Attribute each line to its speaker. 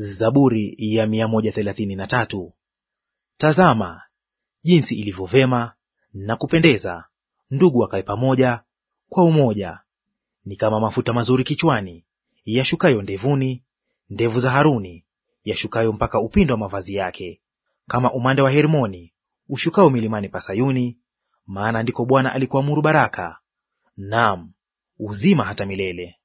Speaker 1: Zaburi ya tatu. Tazama jinsi ilivyo vema na kupendeza ndugu akae pamoja kwa umoja. Ni kama mafuta mazuri kichwani yashukayo ndevuni, ndevu za Haruni yashukayo mpaka upindo wa mavazi yake, kama umande wa Hermoni ushukao milimani pa Sayuni, maana ndiko Bwana alikuamuru baraka, naam, uzima hata milele.